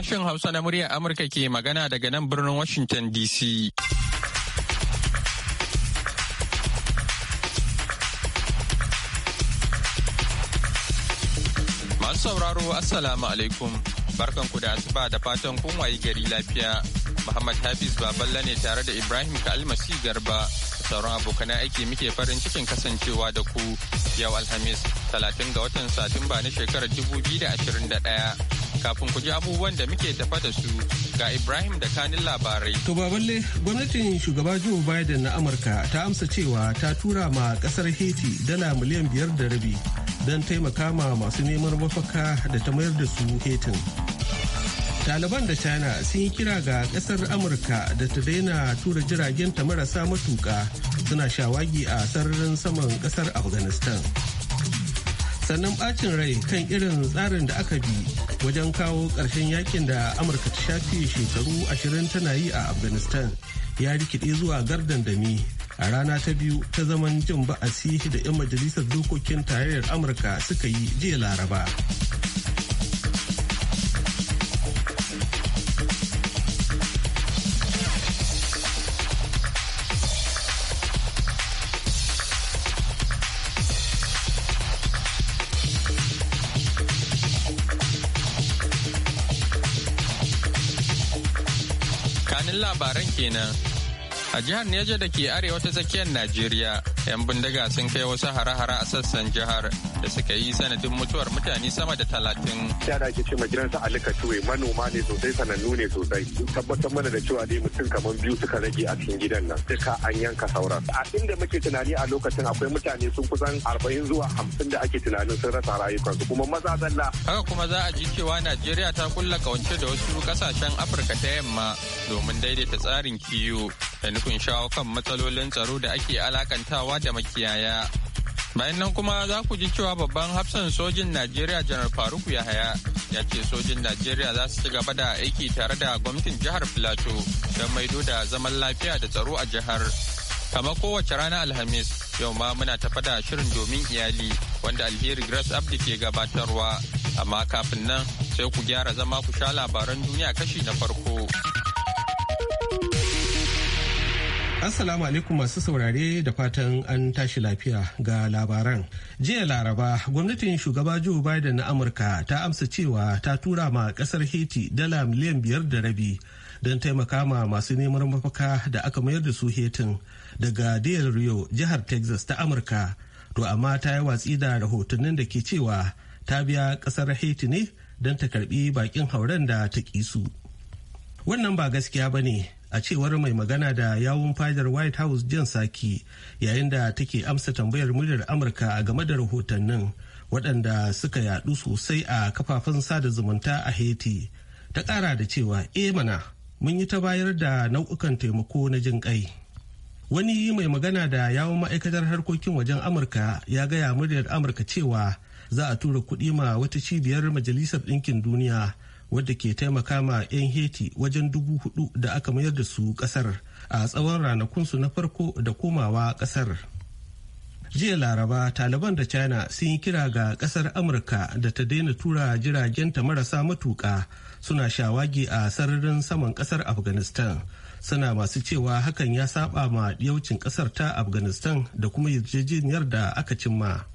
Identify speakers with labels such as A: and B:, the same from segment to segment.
A: Sashen Hausa na muryar Amurka ke magana daga nan birnin Washington DC. Masu sauraro Assalamu alaikum. barkan ku da asuba da fatan kun wayi gari lafiya. Muhammad Hafiz Baballa ne tare da Ibrahim Kalmasi Garba. Sauran abokan aiki muke farin cikin kasancewa da ku yau Alhamis 30 ga watan Satumba na shekarar 2021. Kafin ku ji abubuwan da muke tafa da su ga Ibrahim da kanin labarai.
B: To baballe gwamnatin shugaba Joe Biden na Amurka ta amsa cewa ta tura ma kasar Haiti dala miliyan biyar da rabi don taimaka ma masu neman mafaka da ta mayar da su Haitin. Taliban da China sun yi kira ga kasar Amurka da ta daina tura jiragen ta marasa matuka suna shawagi a sararin saman kasar Afghanistan. Sannan bacin rai kan irin tsarin da aka bi wajen kawo ƙarshen yakin da amurka ta shafi shekaru ashirin tana yi a afghanistan ya rikide zuwa dami a rana ta biyu ta zaman jin ba'asi da 'yan majalisar dokokin tarayyar amurka suka yi jiya laraba
A: labaran kenan. A jihar Neja da ke arewa ta tsakiyar Najeriya, 'yan bindiga sun kai wasu hare-hare a sassan jihar da suka yi sanadin mutuwar mutane sama da talatin.
C: Yara ake ce gidansa Ali Katuwe manoma ne sosai sanannu ne sosai. Tabbatar mana da cewa dai mutum kamar biyu suka rage a cikin gidan nan duka an yanka sauran. A inda muke tunani a lokacin akwai mutane sun kusan arba'in zuwa hamsin da ake tunanin sun rasa rayukansu kuma maza zalla.
A: Haka kuma za a ji cewa Najeriya ta kulla kawance da wasu kasashen Afirka ta yamma domin daidaita tsarin kiwo da nufin shawo kan matsalolin tsaro da ake alakantawa da makiyaya. bayan nan kuma za ku ji cewa babban hafsan sojin najeriya janar faruku yahaya ya ce sojin najeriya za su ci gaba da aiki tare da gwamnatin jihar filato don maido da zaman lafiya da tsaro a jihar kama kowace rana alhamis yau ma muna tafa da shirin domin iyali wanda alheri grace abdi ke gabatarwa amma kafin nan sai ku gyara zama ku sha labaran duniya kashi na farko
B: Assalamu alaikum masu saurare da fatan an tashi lafiya ga labaran. Jiya Laraba, gwamnatin shugaba Joe Biden na Amurka ta amsa cewa ta tura ma kasar Haiti dala miliyan biyar da rabi don taimaka ma masu neman mafaka da aka mayar da su Hetin daga Del Rio, jihar Texas ta Amurka. To amma ta yi watsi da rahotannin da ke cewa ta biya kasar Haiti ne don ta karbi bakin hauren da ta kisu. Wannan ba gaskiya ba ne. a cewar mai magana da yawun fadar white house jan saki yayin da take amsa tambayar muryar amurka game da rahotannin waɗanda suka yaɗu sosai a kafafen sada zumunta a haiti ta ƙara da cewa e mana mun yi ta bayar da nau'ukan taimako na jin ƙai wani mai magana da yawun ma'aikatar harkokin wajen amurka ya gaya muryar amurka cewa za a tura kuɗi ma wata cibiyar majalisar ɗinkin duniya wadda ke taimaka ma 'yan heti wajen dubu hudu da aka mayar da su kasar a tsawon ranakunsu na farko da komawa kasar jiya laraba taliban da china sun yi kira ga kasar amurka da ta daina tura jiragenta marasa matuka suna shawagi a sararin saman kasar afghanistan suna masu cewa hakan ya saba ma yaucin kasar ta afghanistan da kuma yarjejeniyar da aka cimma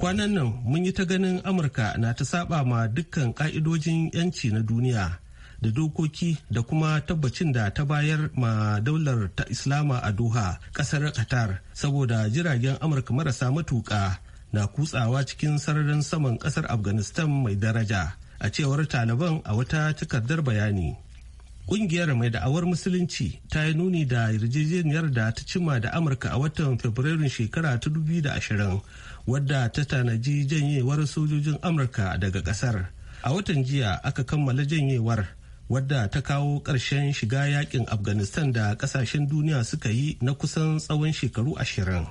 B: kwanan nan mun yi ta ganin amurka na ta saba ma dukkan ka'idojin yanci na duniya da dokoki da kuma tabbacin da ta bayar ma daular ta islama a doha kasar qatar saboda jiragen amurka marasa matuka na kutsawa cikin sararin saman kasar afghanistan mai daraja a cewar taliban a wata takardar bayani Ƙungiyar mai da'awar musulunci ta yi nuni da yarjejeniyar da ta cima da amurka a watan fabrairun shekara ta ashirin wadda ta tanaji janyewar sojojin amurka daga kasar a watan jiya aka kammala janyewar wadda ta kawo ƙarshen shiga yakin afghanistan da ƙasashen duniya suka yi na kusan tsawon shekaru ashirin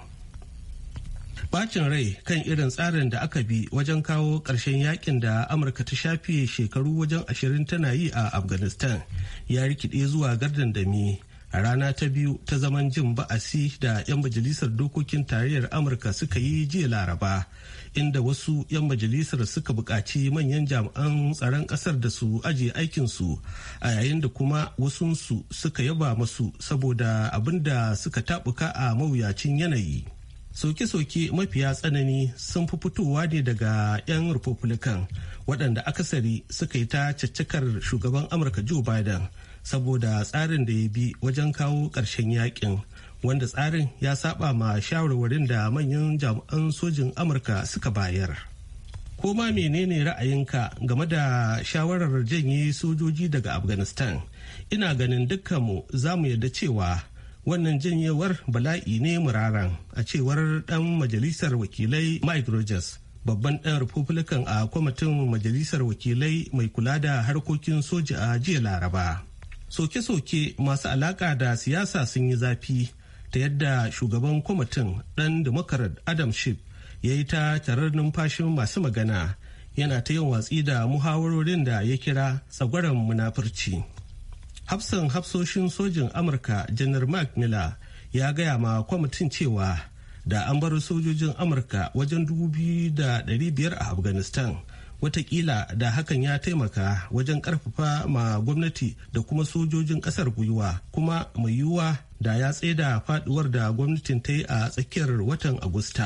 B: bacin rai kan irin tsarin da aka bi wajen kawo ƙarshen yakin da amurka ta shafe shekaru wajen ashirin tana yi a afghanistan ya rikide zuwa gardandami a rana ta biyu ta zaman jin ba'asi da 'yan majalisar dokokin tarayyar amurka suka yi jiya laraba inda wasu 'yan majalisar suka buƙaci manyan jami'an tsaron ƙasar da su ajiye aikinsu a yayin da kuma wasunsu suka yaba masu saboda abin da suka tabuka a mawuyacin yanayi soke-soke mafiya tsanani sun fi fitowa ne daga 'yan republican waɗanda akasari suka yi ta caccakar shugaban amurka joe biden saboda tsarin da ya bi wajen kawo ƙarshen yakin wanda tsarin ya saba ma shawarwarin da manyan jami'an sojin amurka suka bayar ko ma menene ra'ayinka game da shawarar janye sojoji daga afghanistan ina ganin dukkanmu za mu yarda cewa wannan janyewar bala'i ne muraran a cewar dan majalisar wakilai mike rogers babban dan republican a kwamitin majalisar wakilai mai kula da harkokin soja a jiya laraba soke-soke masu alaka da siyasa sun yi zafi ta yadda shugaban kwamitin ɗan demokrat adam Schiff ya yi ta tarar numfashin masu magana yana ta yin watsi da muhawarorin da ya kira tsagwaron munafurci hafsan hafsoshin sojin amurka janar mark miller ya gaya ma kwamitin cewa da an bar sojojin amurka wajen biyar a afghanistan watakila da hakan ya taimaka wajen karfafa ma gwamnati da kuma sojojin kasar gwiwa kuma mai yiwuwa da ya tseda faduwar da gwamnatin ta yi a tsakiyar watan agusta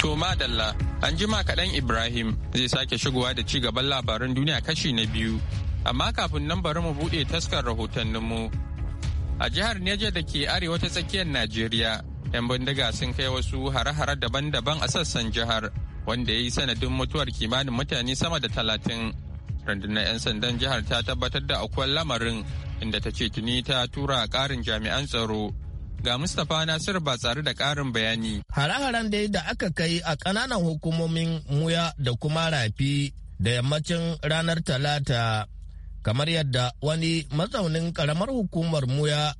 A: to madalla an jima kaɗan ibrahim zai sake shigowa da ci gaban labaran duniya kashi na biyu amma kafin nan bari mu buɗe taskar rahotanninmu a jihar neja da ke arewa ta tsakiyar najeriya 'yan bindiga sun kai wasu hare-hare daban-daban a sassan jihar wanda ya yi sanadin mutuwar kimanin mutane sama da talatin rundunar 'yan sandan jihar ta tabbatar da akwai lamarin inda ta ce tuni ta tura karin jami'an tsaro ga mustapha nasir ba tsari da ƙarin bayani
D: hare-haren dai da aka kai a ƙananan hukumomin muya da kuma rafi da yammacin ranar talata kamar yadda wani mazaunin karamar hukumar muya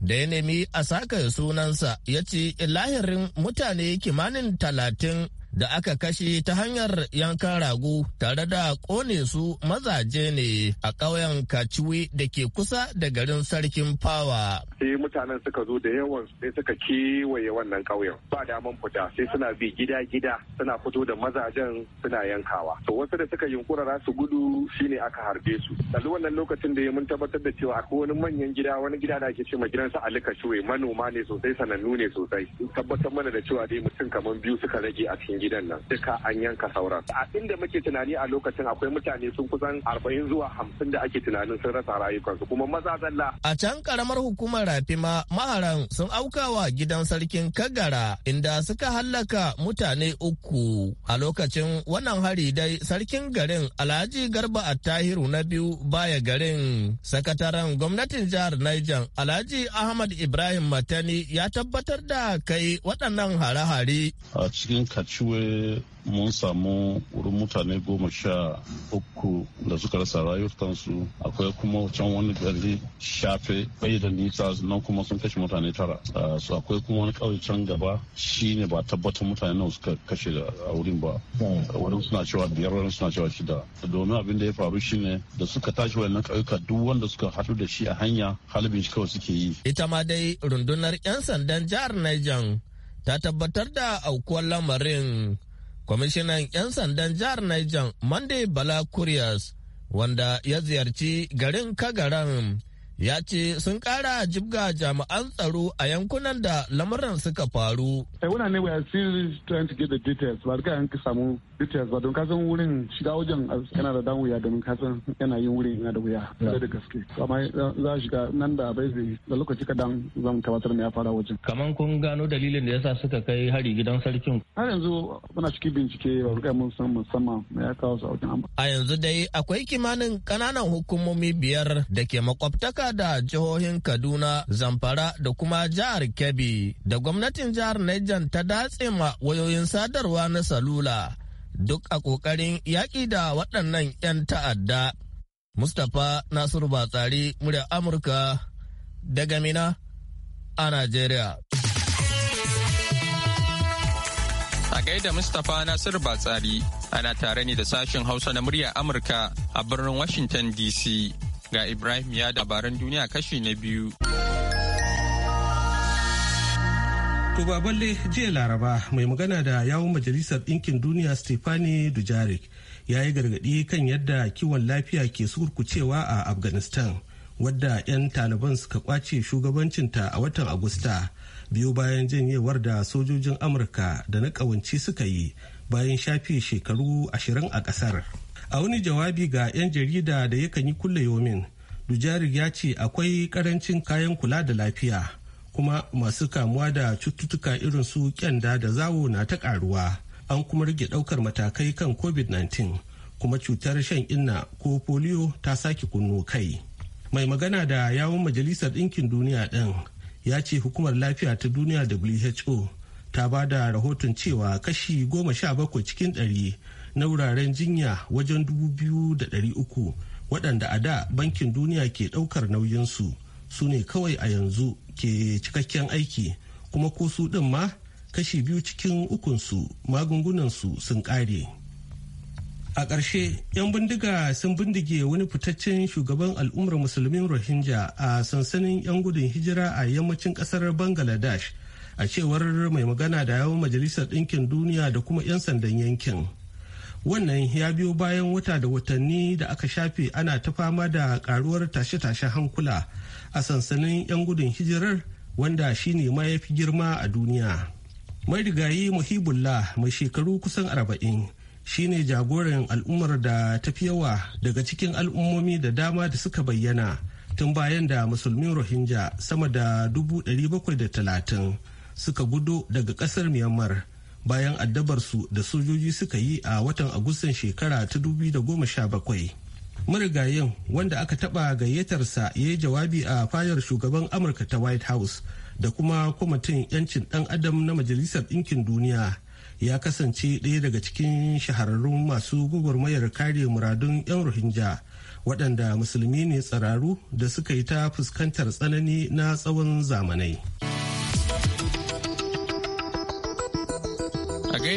D: da ya nemi a saka sunansa ya ce lahirin mutane kimanin talatin da aka kashe ta hanyar yankan rago tare da kone su mazaje ne a ƙauyen kaciwe da ke kusa da garin sarkin fawa.
B: Sai mutanen suka zo da
C: yawan sai suka kewaye wannan ƙauyen ba daman fita sai suna bi gida-gida suna fito da mazajen suna yankawa. To wasu da suka yunkura za su gudu shine aka harbe su. Yanzu wannan lokacin da ya mun tabbatar da cewa akwai wani manyan gida wani gida da ake ce ma gidansa Ali Kaciwe manoma ne sosai sanannu ne sosai. Tabbatar mana da cewa dai mutum kamar biyu suka rage a cikin gidan nan duka an yanka sauran a inda muke tunani a lokacin akwai mutane sun kusan arba'in zuwa hamsin da ake tunanin sun rasa rayukansu kuma maza zalla
D: a can karamar hukumar rafima maharan sun aukawa gidan sarkin kagara inda suka hallaka mutane uku a lokacin wannan hari dai sarkin garin alhaji garba attahiru na biyu baya garin sakataren gwamnatin jihar niger alhaji ahmad ibrahim matani ya tabbatar da kai waɗannan hare-hare
E: a cikin kaciwo Benue mun samu wurin mutane goma sha uku da suka rasa rayukansu akwai kuma can wani gari shafe bai da nisa nan kuma sun kashe mutane tara ah, su akwai kuma wani kawai can gaba shi ne ba tabbatar mutane na suka kashe a wurin ba wurin suna cewa biyar wurin suna cewa shida domin abin da ya faru shine da suka tashi wannan kauyuka duk wanda suka haɗu da shi a hanya halibin shi kawai suke yi
D: ita ma dai rundunar 'yan sandan jihar Niger ta tabbatar da aukuwar lamarin kwamishinan 'yan sandan jihar Niger Monday Bala Curious wanda ya ziyarci garin Kagaran ya ce sun kara jibga jami'an tsaro a yankunan da lamuran suka faru. Sai eh, wuna ne we are
F: still trying to get
D: the details ba duka yanki
G: samu details ba don kasan wurin shiga wajen yana da dan wuya domin kasan yana yin wuri yana da wuya da da gaske. Amma eh, za a shiga nan da bai zai da lokaci kadan zan tabbatar me ya fara
D: wajen. Kaman kun gano dalilin da yasa suka kai hari gidan sarkin. Har yanzu muna cikin bincike ba duka mun san musamman me
G: ya kawo sa a wajen. A
D: yanzu dai akwai kimanin kananan hukumomi biyar da ke makwabtaka hada da jihohin Kaduna, Zamfara da kuma jihar Kebbi da gwamnatin jihar Niger ta datse ma wayoyin sadarwa na salula duk a ƙoƙarin yaƙi da waɗannan 'yan ta'adda. Mustapha Nasiru Batsari, murya Amurka daga Mina a Najeriya.
A: A gaida Mustapha Nasiru Batsari ana tare ne da sashen Hausa na murya Amurka a birnin Washington DC. Ga Ibrahim ya labaran duniya kashi na biyu.
B: To ba balle jiya Laraba mai magana da yawon Majalisar Ɗinkin Duniya Stefani Dujarik ya yi gargaɗi kan yadda kiwon lafiya ke surkucewa a Afghanistan wadda 'yan Taliban suka kwace shugabancinta a watan Agusta biyu bayan janyewar da sojojin Amurka da na ƙawanci suka yi bayan shafe shekaru ashirin a ƙasar. a wani jawabi ga 'yan jarida da yakan yi kulle yomin dujari ya ce akwai karancin kayan kula da lafiya kuma masu kamuwa da cututtuka irin su kyanda da zawo na ta karuwa an kuma rage daukar matakai kan covid-19 kuma cutar shan inna ko polio ta sake kunno kai mai magana da yawon majalisar ɗinkin duniya ɗin ya ce hukumar lafiya ta duniya who ta ba da rahoton cewa kashi goma sha bakwai cikin ɗari na wuraren jinya wajen 2,300 waɗanda a da bankin duniya ke ɗaukar nauyinsu su ne kawai a yanzu ke cikakken aiki kuma ko su ɗin ma kashi biyu cikin ukunsu magungunansu sun ƙare. a ƙarshe 'yan bindiga sun bindige wani fitaccen shugaban al'ummar musulmin rohingya a sansanin 'yan gudun hijira a yammacin ƙasar bangladesh a cewar mai magana da yawon majalisar ɗinkin duniya da kuma 'yan sandan yankin. wannan ya biyo bayan wata da watanni da aka shafe ana ta fama da karuwar tashe-tashen hankula a sansanin 'yan gudun hijirar wanda shine ma ya fi girma a duniya marigayi muhibullah mai shekaru kusan arba'in ne jagoran al'ummar da ta fi yawa daga cikin al'ummomi da dama da suka bayyana tun bayan da musulmin rohingya sama da 730 suka gudu daga kasar myanmar bayan addabarsu da sojoji suka yi a watan agustan shekara ta 2017 marigayin wanda aka taɓa gayyatarsa ya yi jawabi a fayar shugaban amurka ta white house da kuma kwamitin 'yancin dan adam na majalisar ɗinkin duniya ya kasance ɗaya daga cikin shahararrun masu gugurmayar kare muradun 'yan rohingya waɗanda musulmi ne tsiraru da suka yi ta fuskantar tsanani na tsawon zamanai.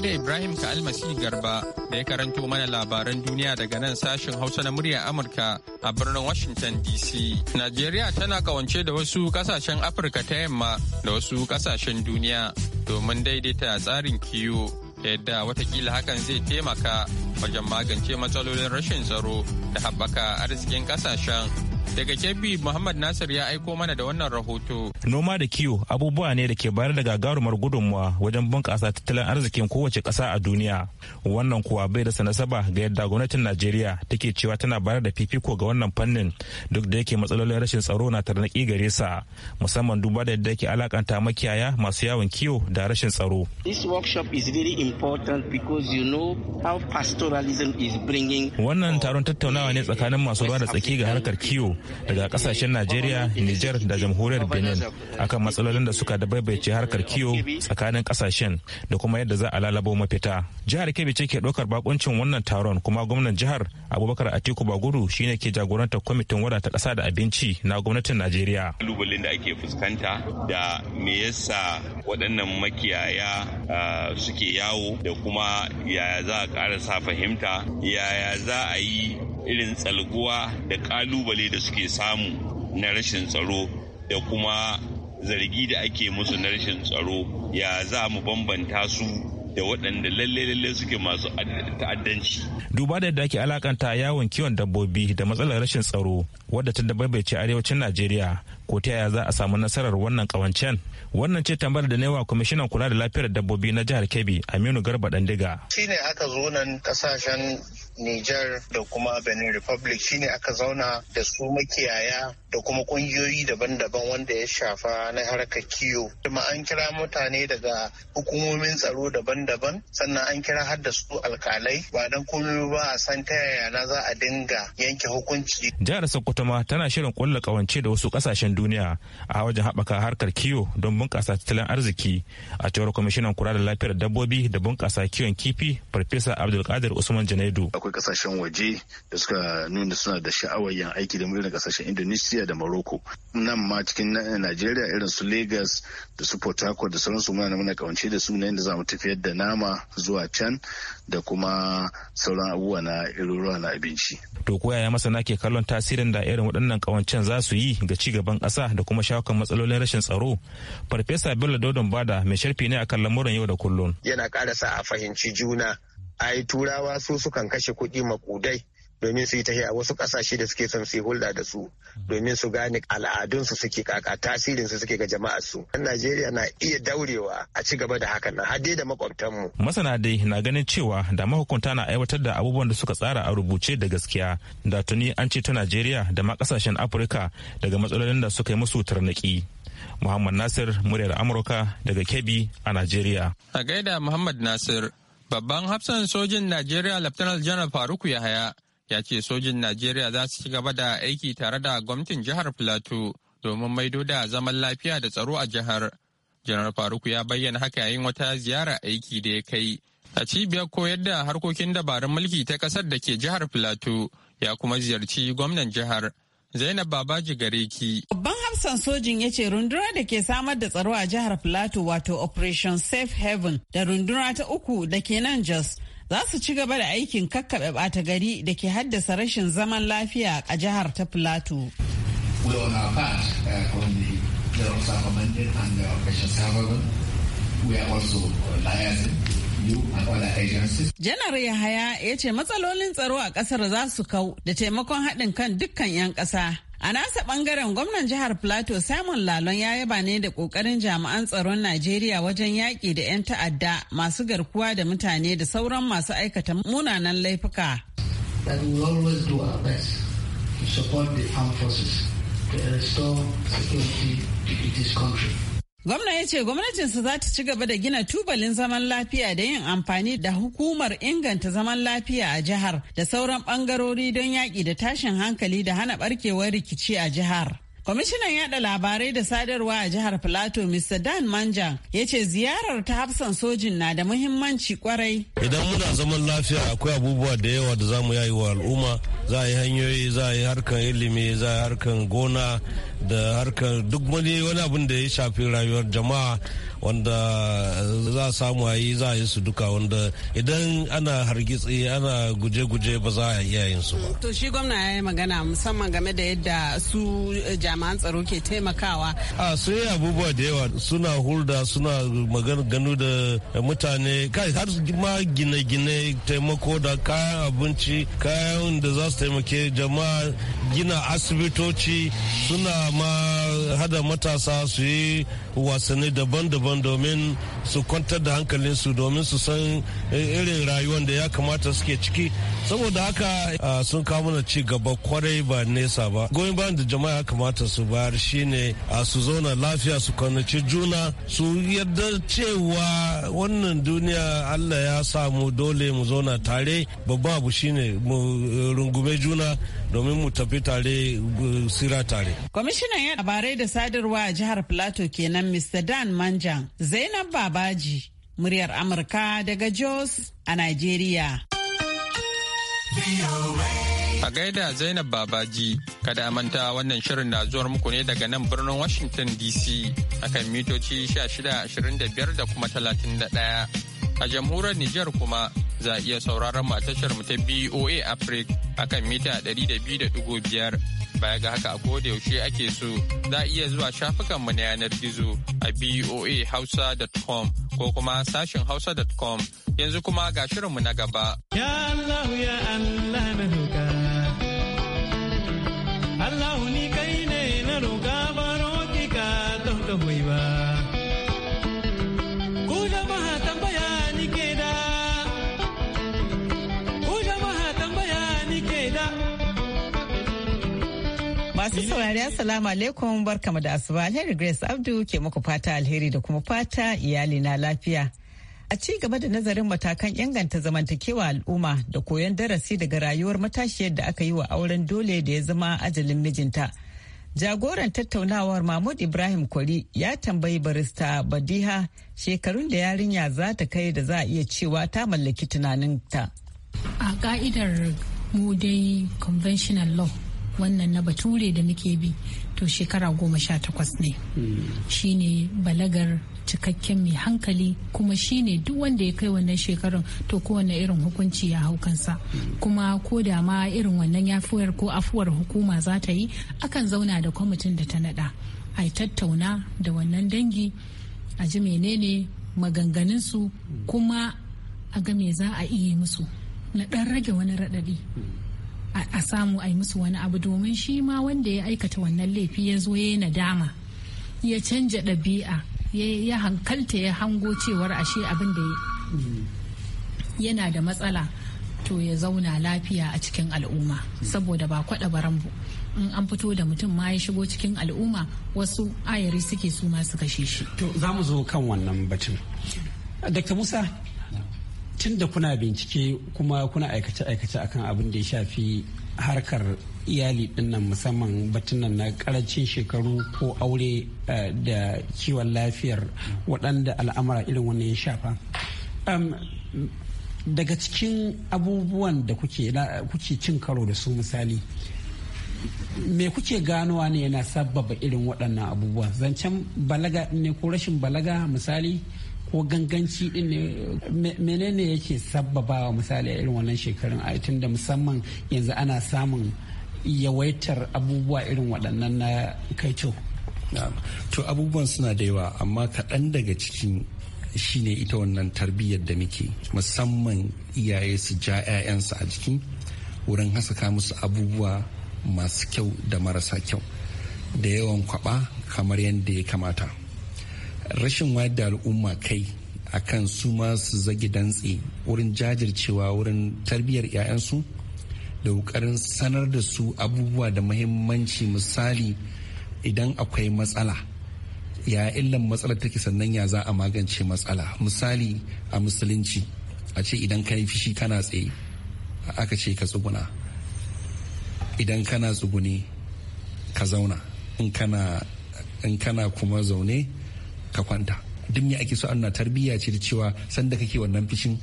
A: da Ibrahim ka almasi garba da ya karanto mana labaran duniya daga nan sashen Hausa na murya Amurka a birnin Washington DC. Najeriya tana kawance da wasu kasashen Afirka ta yamma da wasu kasashen duniya domin daidaita tsarin kiwo da yadda watakila hakan zai taimaka wajen magance matsalolin rashin tsaro da haɓaka arzikin kasashen Daga Kebbi Muhammad Nasir ya aiko mana da wannan rahoto.
H: Noma da kiwo abubuwa ne da ke bayar da gagarumar gudunmuwa wajen bunƙasa tattalin arzikin kowace ƙasa a duniya. Wannan kuwa bai da sanasaba ga yadda gwamnatin Najeriya take cewa tana bayar da fifiko ga wannan fannin duk da yake matsalolin rashin tsaro na tarnaƙi gare sa musamman duba da yadda yake alakanta makiyaya masu yawon kiwo da rashin tsaro. This workshop is very important because you know how pastoralism is bringing Wannan taron tattaunawa ne tsakanin masu ruwa da tsaki ga harkar kiwo daga kasashen Najeriya, Nijar da jamhuriyar Benin akan matsalolin da suka dabaibace harkar kiwo tsakanin kasashen da kuma yadda za a lalabo mafita. Jihar Kebbi ce ke ɗaukar bakuncin wannan taron kuma gwamnan jihar Abubakar Atiku Bagudu shine ke jagorantar kwamitin wadata ƙasa da abinci na gwamnatin Najeriya. Kalubalen da ake fuskanta da me yasa waɗannan makiyaya suke yawo da kuma yaya za a ƙara sa fahimta yaya za a yi irin tsalguwa da kalubale da suke samu na rashin tsaro da kuma zargi da ake musu na rashin tsaro ya za mu bambanta su da waɗanda lalle-lalle suke masu ta'addanci. Duba da yadda ake alakanta yawon kiwon dabbobi da matsalar rashin tsaro wadda ta dabaibace arewacin Najeriya ko ta yaya za a samu nasarar wannan kawancen. Wannan ce tambayar da newa kwamishinan kula da lafiyar dabbobi na jihar Kebbi Aminu Garba Dandiga.
I: Shi ne aka
B: zo nan kasashen niger da kuma Benin Republic shine aka zauna da su makiyaya da kuma kungiyoyi daban-daban wanda ya shafa na harkar kiwo. Kuma an kira mutane daga hukumomin tsaro daban-daban sannan an kira har da su alkalai ba dan komai ba a san ta yaya na za a dinga yanke hukunci.
H: Jihar Sokoto ma tana shirin kulla kawance da wasu kasashen duniya a wajen haɓaka harkar kiwo don bunƙasa tattalin arziki a cewar kwamishinan kula da lafiyar dabbobi da bunƙasa kiwon kifi Farfesa Abdulkadir Usman Janaidu.
D: akwai kasashen waje da suka nuna suna da sha'awar yin aiki da irin kasashen indonesia da morocco nan ma cikin nigeria irin su lagos da su port harcourt da sauransu muna muna kawance da su na yadda za mu tafiyar da nama zuwa can da kuma sauran abubuwa na iruruwa na abinci
H: to ko yaya masana ke kallon tasirin da irin waɗannan kawancen za su yi ga ci gaban ƙasa da kuma shawakan matsalolin rashin tsaro farfesa bello dodon bada mai sharfi ne akan lamuran yau da kullum
D: yana ƙara sa a fahimci juna ai turawa su sukan kashe kuɗi makudai domin su yi a wasu kasashe da suke son su hulɗa da su domin su gane al'adunsu suke kaka tasirinsu suke ga jama'a su Najeriya na iya daurewa a ci gaba da hakan na. hade da makwabtanmu.
H: Masana dai na ganin cewa da mahukunta na aiwatar da abubuwan da suka tsara a rubuce da gaskiya da tuni an ce ta Najeriya da ma kasashen Afirka daga matsalolin da suka yi musu tarnaki. Muhammad Nasir muryar Amurka daga Kebbi a Najeriya.
A: A gaida Muhammad Nasir Babban hafsan sojin Najeriya Laftanar Janar Faruku Yahaya ya ce sojin Najeriya za su ci gaba da aiki tare da gwamnatin jihar Filato domin maido da zaman lafiya da tsaro a jihar. Janar Faruku ya bayyana haka yayin wata ziyara aiki da ya kai a cibiyar koyar da harkokin dabarun mulki ta kasar da ke jihar Filato ya kuma ziyarci gwamnan jihar Zainab Babaji Gareki.
F: Babban hafsan sojin ya ce rundunar da ke samar da tsaro a jihar Filato wato Operation Safe Haven da runduna ta uku da ke nan Jos za su ci gaba da aikin kakkaɓe ɓata gari da ke haddasa rashin zaman lafiya a jihar ta
I: Filato. We uh, are also Janar
F: Yahaya ya ce matsalolin tsaro a kasar za su kau da taimakon haɗin kan dukkan 'yan ƙasa. A nasa ɓangaren gwamnan jihar Plateau Simon Lalon ya yaba ne da ƙoƙarin jami'an tsaron Najeriya wajen yaƙi da 'yan ta'adda masu garkuwa da mutane da sauran masu aikata munanan laifuka.
G: to restore security to this country.
F: Gwamna ya ce gwamnatinsa za ta ci gaba da gina tubalin zaman lafiya da yin amfani da hukumar inganta zaman lafiya a jihar da sauran bangarori don yaƙi da tashin hankali da hana barkewar rikici a jihar. Kwamishinan yada labarai da sadarwa a jihar Filato Mr. Dan Manja ya ce ziyarar ta hafsan sojin na da muhimmanci kwarai.
B: Idan muna zaman
E: lafiya akwai abubuwa da yawa da za mu yayi wa al'umma za a yi hanyoyi za a yi harkan ilimi za a yi harkan gona da harkan duk wani wani abin da ya shafi rayuwar jama'a wanda eh, za a samu a yi za a yi su duka wanda idan ana hargitsi ana guje-guje ba za a iya yin su
F: ba. To shi gwamna ya yi magana musamman game da yadda su eh, jami'an tsaro ke taimakawa.
E: A su yi abubuwa da yawa suna hulda suna gano da mutane kai har ma gine-gine taimako da kayan abinci kayan da za su taimake jama'a gina asibitoci suna ma hada matasa su yi wasanni daban-daban daban domin su kwantar da hankalinsu domin su san eh, irin rayuwar da ya kamata suke ciki saboda haka sun kawo mana ci gaba kwarai ba nesa ba goyon bayan da jama'a ya kamata su bayar shine su zauna lafiya su kwanaci juna su yadda cewa wannan duniya allah ya samu dole mu zauna tare babba abu shine mu eh, rungume juna domin mu tafi tare sira tare.
F: Kwamishinan yan labarai da sadarwa a jihar Plateau kenan Mr. Dan Manjan Zainab Babaji muryar Amurka daga Jos a Nigeria.
A: A gaida Zainab Babaji, kada a manta wannan shirin na zuwar muku ne daga nan birnin Washington DC akan mitoci 1625 da kuma 31. A jamhuriyar Nijar kuma za a iya sauraron mu matashar mu ta BOA Africa akan mita 200.5 baya ga haka a koda yaushe ake so za a iya zuwa shafukan mu na yanar gizo a boahausa.com ko kuma sashin hausa.com yanzu kuma ga shirinmu na gaba.
D: Ya Allah ya Allah
I: Masu saurari assalamu alaikum barkamu da asuba alheri Grace Abdu ke muku fata alheri da kuma fata iyali na lafiya. A ci gaba da nazarin matakan inganta zamantakewa al'umma da koyon darasi daga rayuwar matashiyar da aka yi wa auren dole da ya zama ajalin mijinta. Jagoran tattaunawar Mahmud Ibrahim Kwari ya tambayi barista Badiha shekarun da yarinya za ta kai da za a iya cewa ta mallaki tunaninta.
J: A ka'idar mu dai conventional law wannan na bature da muke bi to shekara goma sha takwas ne shine balagar cikakken mai hankali kuma shine duk wanda ya kai wannan shekarun to kowane irin hukunci ya hau kansa kuma ko da ma irin wannan yafuwar ko afuwar hukuma za ta yi akan zauna da kwamitin da ta nada a tattauna da wannan dangi a ji menene maganganunsu kuma a ga me za a iya musu na ɗan rage wani raɗaɗi a samu a yi musu wani abu domin shi ma wanda ya aikata wannan laifi ya zo ya nadama ya canja ɗabi'a ya hankalta ya hango cewar ashe abin da yana da matsala to ya zauna lafiya a cikin al'umma saboda ba kwaɗa barambu in an fito da mutum ma ya shigo cikin al'umma wasu ayari suke su ma su kashe shi to
G: za mu zo kan wannan batun dr musa tun da kuna bincike kuma kuna aikace-aikace akan abin da ya shafi harkar iyali dinnan musamman batunan na karancin shekaru ko aure eh, da kiwon lafiyar waɗanda al'amura irin wannan ya shafa daga cikin abubuwan da kuke cin karo da su misali me kuke ganowa ne yana sababa irin waɗannan abubuwa zancen balaga ne ko rashin balaga misali ko ganganci din ne menene yake sabbabawa misali irin wannan shekarun a da musamman yanzu ana samun yawaitar abubuwa
C: irin waɗannan na kai to abubuwan suna da yawa amma kaɗan daga cikin shi ne ita wannan tarbiyyar da muke musamman iyaye su ja 'ya'yansu a jiki wurin hasaka musu abubuwa masu kyau da marasa kyau da yawan kwaba kamar yadda ya kamata rashin wayar da al'umma kai a kan su ma su zagi dantse wurin jajircewa wurin tarbiyyar 'ya'yansu da ƙoƙarin sanar da su abubuwa da mahimmanci misali idan akwai matsala ya illan matsalar take sannan ya za a magance matsala misali a musulunci a ce idan ka yi fishi kana tsaye aka ce ka tsuguna idan kana tsugune ka zauna in kana kuma zaune ka kwanta duk me ake so ana tarbiyya ce da cewa sanda kake wannan fishin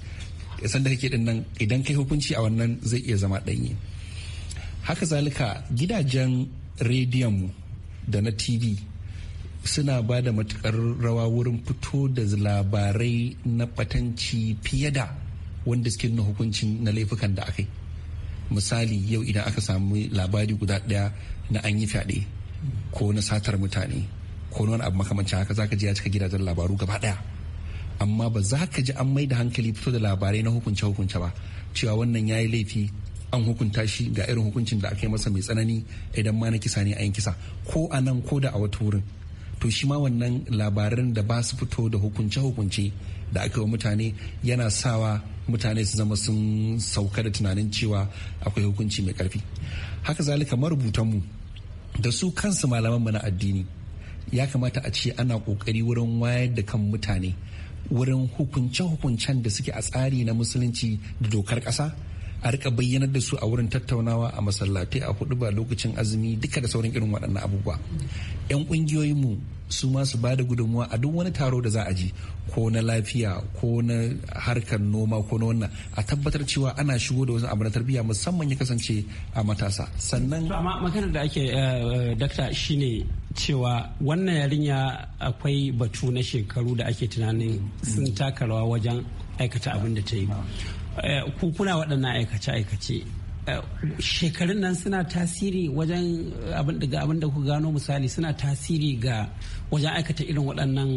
C: sanda kake din nan idan kai hukunci a wannan zai iya zama ɗanye haka zalika gidajen rediyon da na tv suna ba da matukar rawa wurin fito da labarai na batanci fiye da wanda suke nuna hukuncin na laifukan da aka yi misali yau idan aka samu labari guda ɗaya na an yi fyaɗe ko na satar mutane ko wani abu makamancin haka zaka ji ya cika gidajen labaru gaba daya amma ba za ka ji an mai da hankali fito da labarai na hukunce hukunce ba cewa wannan ya yi laifi an hukunta shi ga irin hukuncin da aka yi masa mai tsanani idan ma na kisa ne a yin kisa ko a nan ko da a wata wurin to shi ma wannan labaran da ba su fito da hukunce-hukunce da aka yi mutane yana sawa mutane su zama sun sauka da tunanin cewa akwai hukunci mai karfi haka zalika marubutanmu da su kansu malamanmu na addini ya kamata a ce ana kokari wurin wayar da kan mutane wurin hukunce-hukuncen da suke a tsari na musulunci da dokar ƙasa a rika bayyanar da su a wurin tattaunawa a masallatai a hudu ba lokacin azumi duka da sauran irin waɗannan abubuwa 'yan ƙungiyoyinmu su ma su bada gudunmuwa a duk wani taro da za a ji ko na lafiya ko na harkar noma ko na wannan a tabbatar cewa ana shigo da wasu abu na tarbiyya musamman ya kasance a matasa sannan amma maganar da ake eh,
G: eh, dakta shine cewa wannan yarinya akwai batu na shekaru da ake tunanin sun taka rawa wajen aikata abin da ta yi eh, ku kuna waɗannan aikace-aikace shekarun nan suna tasiri wajen eh, abin da ku gano misali suna tasiri ga wajen aikata irin waɗannan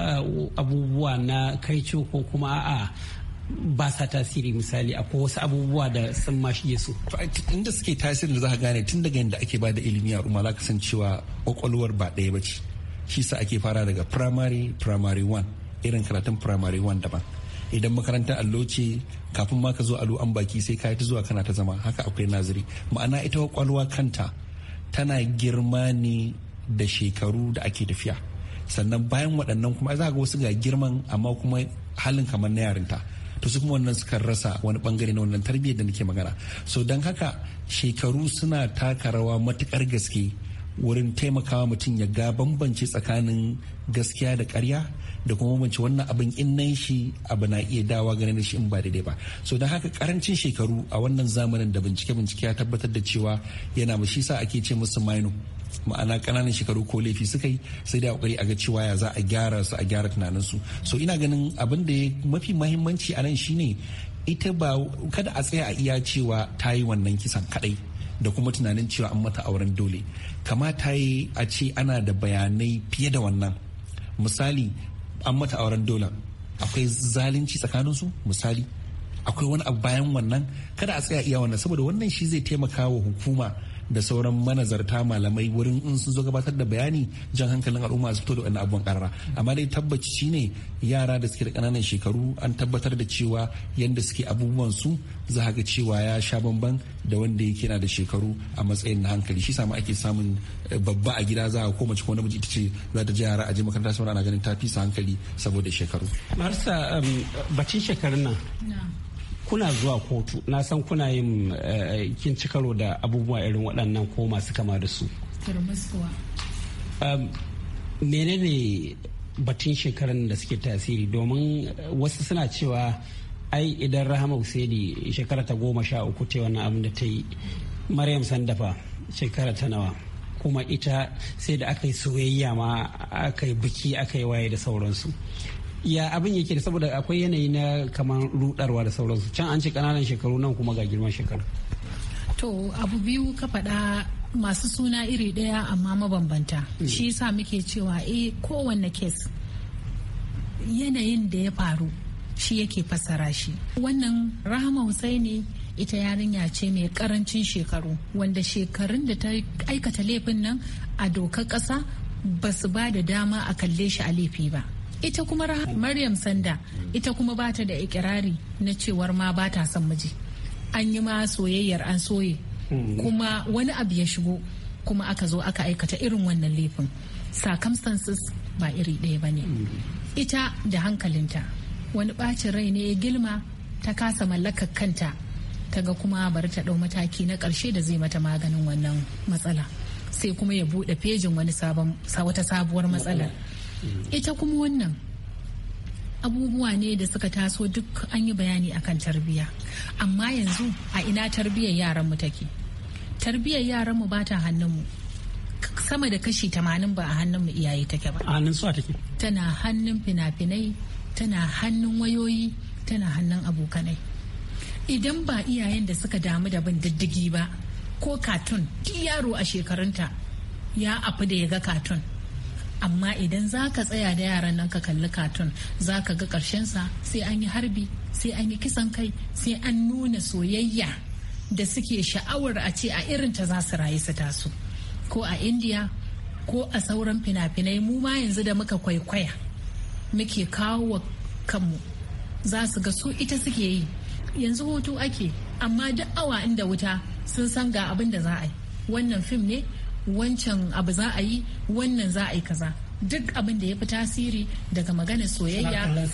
G: eh, abubuwa na kai ko kuma a'a ba sa tasiri misali akwai
C: wasu abubuwa da sun ma shige su. Inda suke tasiri da za ka gane tun daga yadda ake bada ilimi a umma za san cewa kwakwalwar ba ɗaya ba ce. Shi sa ake fara daga primary primary one irin karatun primary one daban. idan makarantar allo ce kafin ma ka zo allo an baki sai ka ta zuwa kana ta zama haka akwai naziri ma'ana ita kwakwalwa kanta tana girma ne da shekaru da ake tafiya sannan bayan waɗannan kuma za ga wasu ga girman amma kuma halin kamar na yarinta to su kuma wannan suka rasa wani bangare na wannan tarbiyyar da nake magana so don haka shekaru suna taka rawa matukar gaske wurin taimakawa mutum ya ga bambance tsakanin gaskiya da karya da kuma bambance wannan abin in nan shi abu na iya dawa ganin da shi in ba daidai ba so don haka karancin shekaru a wannan zamanin da bincike bincike ya tabbatar da cewa yana shi sa ake ce musu maino ma'ana kananan shekaru ko laifi suka yi sai da kokari a ga cewa ya za a gyara su a gyara tunanin su so ina ganin abin da ya mafi mahimmanci a nan shine ita ba kada a tsaya a iya cewa ta yi wannan kisan kadai da kuma tunanin cewa an mata auren dole kamata yi a ce ana da bayanai fiye da wannan misali an mata auren dole akwai zalunci tsakaninsu misali akwai wani abu bayan wannan kada a tsaya iya wannan saboda wannan shi zai taimaka wa hukuma da sauran manazarta malamai wurin in sun zo gabatar da bayani jan hankalin al'umma su fito da wannan abubuwan karara amma dai tabbaci ne yara da suke da kananan shekaru an tabbatar da cewa yadda suke abubuwan su za ga cewa ya sha bamban da wanda yake na da shekaru a matsayin na hankali shi sama ake samun eh, babba a gida za a ko mace ko namiji ita ce za ta je yara a je makaranta saboda ana ganin ta fi hankali saboda shekaru.
G: Marsa um, bacin shekarun nan kuna zuwa kotu na san kuna yin eh, kin ci karo da abubuwa irin waɗannan ko masu kama da su um, menene batun shekarun da suke tasiri domin eh, wasu suna cewa ai idan rahama usedi shekara ta goma sha uku ta wannan abin da ta yi maryam sandafa shekara ta nawa kuma ita sai da aka yi soyayya ma aka yi biki aka yi waye da sauransu ya abin yake da saboda akwai yanayi na kamar rudarwa da sauransu can an ce kananan shekaru nan kuma ga girman shekaru
J: to abu biyu ka faɗa masu suna iri ɗaya amma mabambanta hmm. shi yasa muke cewa e kowanne kes yanayin da ya faru shi yake fassara shi wannan rahama husaini ita yarinya ce mai karancin shekaru wanda shekarun da ta aikata laifin nan a dokar ƙasa ba su ba da dama a kalle shi a laifi ba ita kuma maryam sanda ita kuma ba ta da ikirari na cewar ma ba ta son miji an yi ma soyayyar an soye
B: mm. kuma
J: wani abu ya shigo kuma aka zo aka aikata irin wannan laifin circumstances ba iri ɗaya ba ne mm. ita da hankalinta wani ɓacin rai ne ya gilma ta kasa mallakar kanta ta ga kuma bari ta ɗau mataki na ƙarshe da zai mata maganin wannan matsala sai kuma ya buɗe fejin wani sabon wata sabuwar matsalar. ita kuma wannan abubuwa ne da suka taso duk an yi bayani akan tarbiyya amma yanzu a ina tarbiyyar yaran mu take tarbiyyar yaran mu bata hannun mu sama da kashi tamanin ba a hannun mu iyaye take ba a hannun take tana hannun fina-finai tana hannun wayoyi tana hannun abokanai idan ba iyayen da suka damu da bin diddigi ba ko katun duk yaro a shekarunta ya afi da ya ga katun amma idan za ka tsaya da yaran nan ka kalli katun za ka ga sa sai an yi harbi sai an yi kisan kai sai an nuna soyayya da suke sha'awar a ce a irinta za su rayu su taso ko a India ko a sauran fina-finai mu ma yanzu da muka kwaikwaya muke kawo wa kanmu za su ga su ita suke yi yanzu hutu ake amma duk awa inda wuta sun san ga abin da za a yi wannan fim ne wancan abu za a yi wannan za a yi kaza duk abin da ya fi tasiri daga maganar soyayya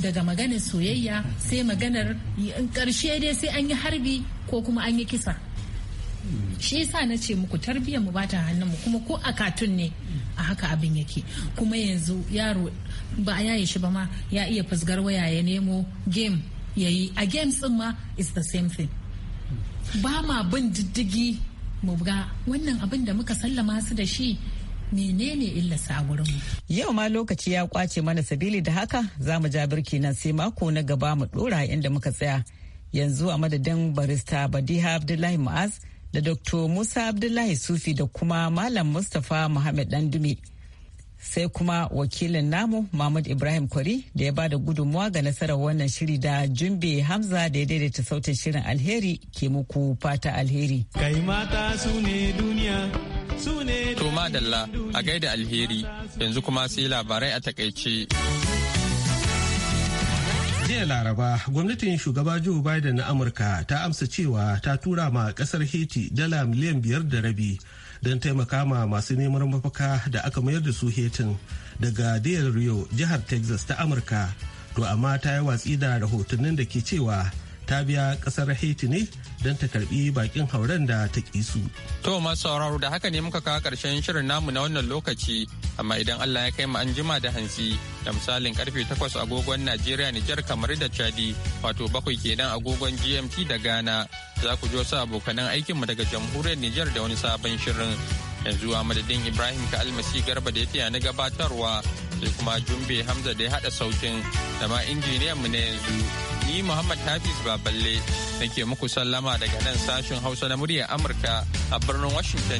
J: daga maganar soyayya sai maganar karshe dai sai an yi harbi ko kuma an yi kisa shi yasa na ce muku tarbiyyar mu bata hannun mu kuma ko a katun ne a haka abin yake kuma yanzu yaro ba a yaye shi ba ma ya iya fusgar waya ya nemo game yayi a games din ma is the same thing ba ma bin diddigi mu ga wannan abin da muka sallama su da shi menene illarsa a wurin
I: yau ma lokaci ya kwace mana sabili da haka za mu ja birki nan sai mako na gaba mu dora inda muka tsaya yanzu a madadin barista badiha abdullahi mu'az da dr musa abdullahi sufi da kuma malam mustapha muhammad dandume sai kuma wakilin namu Mahmud Ibrahim Kwari da ya bada gudunmuwa ga nasarar wannan shiri da Jumbe Hamza da ya daidaita sautin shirin alheri ke muku fata alheri. Kai mata su ne duniya,
A: su ne To madalla a gaida alheri yanzu kuma sai labarai a takaice.
B: jiya laraba gwamnatin shugaba joe biden na amurka ta amsa cewa ta tura ma kasar haiti dala miliyan biyar da rabi don taimaka ma masu neman mafaka da aka mayar da su hetin daga Del Rio jihar Texas ta Amurka. To amma ta yi watsi da rahotannin da ke cewa ta biya kasar haiti ne don ta karbi bakin hauren da ta kisu.
A: to masu sauraro da haka ne muka kawo karshen shirin namu na wannan lokaci amma idan allah ya kai mu an jima da hansi da misalin karfe 8 agogon najeriya nijar kamar da chadi wato bakwai kenan agogon gmt da ghana za ku jo sa abokanan aikinmu daga jamhuriyar nijar da wani sabon shirin yanzu a madadin ibrahim ka almasi garba da ya taya na gabatarwa sai kuma jumbe hamza da ya haɗa sautin da ma injiniyanmu na yanzu ni Muhammad Hafiz Baballe nake muku sallama daga nan sashen Hausa na murya Amurka a birnin Washington